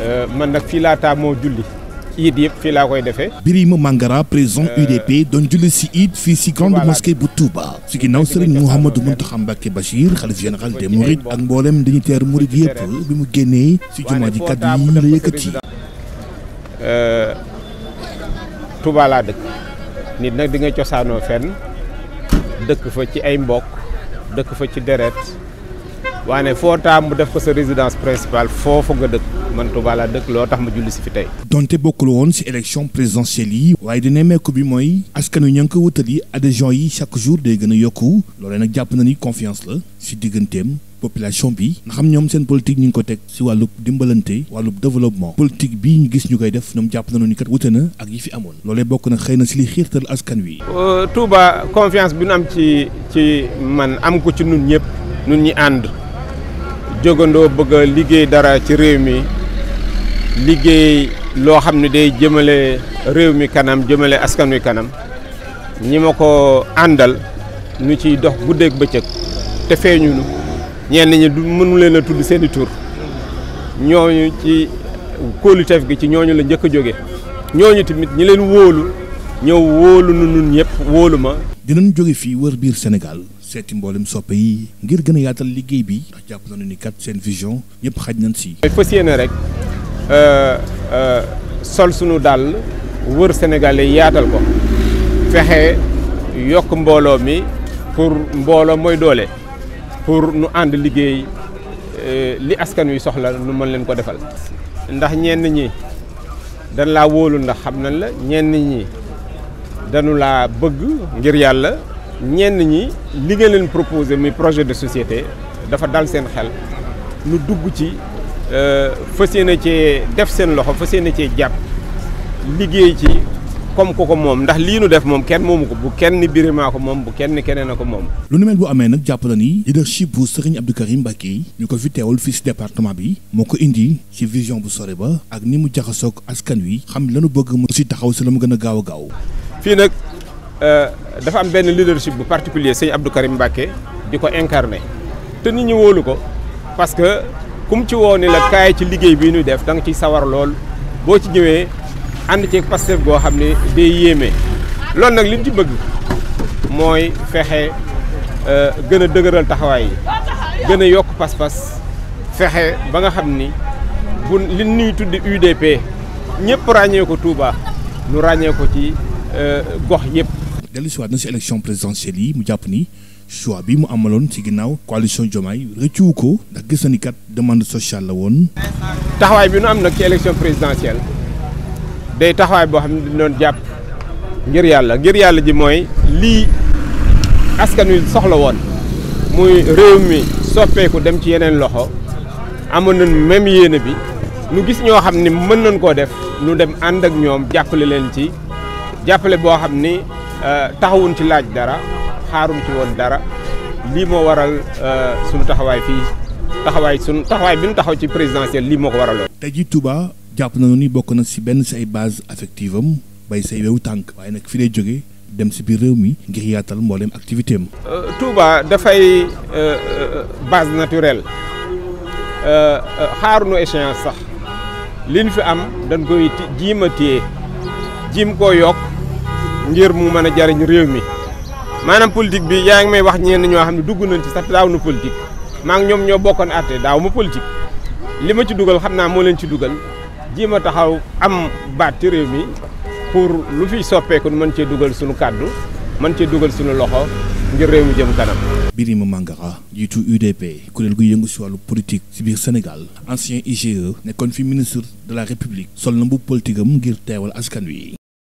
Euh, man nag fii laa taamoo julli iid yëpp fii laa koy defee. mu Mangara président UDP euh, doon julli si iid fii si grande mosquée bu Touba. si ginnaaw Serigne Mouhamadou Mountakha Mbacké Bachir xalif général des Mourides ak mboolem dañu teer Mourid yëpp bi mu génnee si jumaa ji kàddu yi la yëkkati. Euh, Touba laa dëkk nit nag di nga cosaanoo fenn dëkk fa ci ay mbokk dëkk fa ci deret waane foo taam mu def ko sa résidence principale foofu a dëkk man Touba laa dëkk loo tax ma julli si fi tey. donte bokkul woon si élection présidentielle yi. waaye di nemmeeku bi mooy. askan wi ña ngi ko wutali adhésion yi chaque jour day gën a yokku loole nag jàpp na ni confiance la si digganteem population bi. nga xam ñoom seen politique ñu ngi ko teg si wàllu dimbalante wàllub développement. politique bii ñu gis ñu koy def ñoom jàpp nañu ni kat wute na ak yi fi amoon. loolee bokk na xëy na si li xiirtal askan wi. Euh, Touba confiance bi ñu am ci ci am ko ci ñun ñëpp ñun ñi ànd. jógandoo bëgg liggéey dara ci réew mi liggéey loo xam ne day jëmale réew mi kanam jëmale askan wi kanam ñi ma ko àndal ñu ciy dox guddeeg bëccëg te feeñunu ñenn ñi du mënu leen a tudd seeni tur ñooñu ci kóoluteef gi ci ñooñu la njëkk jóge ñooñu tamit ñi leen wóolu ñëw wóolu nu nun ñëpp wóolu ma dinañ jóge fii wër biir Sénégal seeti mboolem soppe yi ngir gën a yaatal liggéey bi ndax jàpp nañu ni kat seen vision ñëpp xaj nañ si. mooy fas yéene rek euh, euh, sol sunu dàll wër sénégalais yaatal ko fexe yokk mbooloo mi pour mbooloo mooy doole pour nu ànd liggéey euh, li askan wi soxla nu mën leen ko defal. ndax ñenn ñi dañ laa wóolu ndax xam nañ la ñenn ñi dañu laa bëgg ngir yàlla. ñenn ñi li nga leen proposé muy projet de société dafa dal seen xel nu dugg ci euh, fas yéene cee def seen loxo fas yéene cee jàpp liggéey ci comme ko ko moom ndax lii nu def moom kenn moomu ko bu kenn birimaa ko moom bu kenn keneen a ko moom. lu nu mel bu amee nag jàpp la ni leadership bu Serigne Abdou Karim Mbacké ñu ko fi teewal fii si département bi moo ko indi ci vision bu sore ba ak ni mu jaxasoog askan wi xam lanu bëgg mu si taxaw si la mu gën a gaaw a gaaw. Euh, dafa am benn leadership bu particulier sëñ Abdou Karim Mbacké di ko incarné te nit ñi wóolu ko parce que kum ci woo ni la kaay ci liggéey bi ñuy def danga nga ciy sawar lool boo ci ñëwee ànd ci Pastef goo xam ne day yéemee loolu nag lim ci bëgg mooy fexe euh, gën a dëgëral taxawaay yi gën a yokk pas-pas fexe ba nga xam ni bu li ñuy tudd UDP ñëpp ràññee ko Touba ñu ràññee ko ci euh, gox yëpp. dellu si waat na si élection présidentielle yi mu jàpp ni choix bi mu amaloon ci ginnaaw coalition Diomaye rëccuwu ko ndax gis na ni kat demande sociale la woon. taxawaay bi nu am nag ci élection présidentielle day taxawaay boo xam ne dañu doon jàpp ngir yàlla ngir yàlla ji mooy lii askan wi soxla woon muy réew mi soppeeku dem ci yeneen loxo amoon nañ même yéene bi nu gis ñoo xam ni mën nañ koo def nu dem ànd ak ñoom jàppale leen ci jàppale boo xam ni. Euh, taxawuñ ci laaj dara xaaruñ ci woon dara lii moo waral euh, sunu taxawaay fii taxawaay sunu taxawaay bi nu taxaw ci présidentielle lii moo ko waral waraloon. tey jii Touba jàpp nañu ni bokk na si benn si ay base affective bay say wewu tànk waaye nag fi lay jógee dem si biir réew mi ngir yaatal mbooleem activité am. Euh, Touba dafay base naturel xaaruñu échéance sax li ñu fi am dañ koy jiima téye jiim koo yokk. ngir mu mën a jariñ réew mi maanaam politique bi yaa ngi may wax ñenn ñoo xam ne dugg nañ ci sax daaw na politique maa ñoom ñoo bokkoon àtte daaw ma politique li ma ci dugal xam naa moo leen ci dugal ji ma taxaw am baat ci réew mi pour lu fiy soppeeku mën cee dugal suñu kàddu mën cee dugal suñu loxo ngir réew mi jëm kanam. Birima Mangara jiitu UDP leen gu yëngu si wàllu politique ci biir Sénégal ancien IGE nekkoon fi ministre de la République sol na bu politique am ngir teewal askan wi.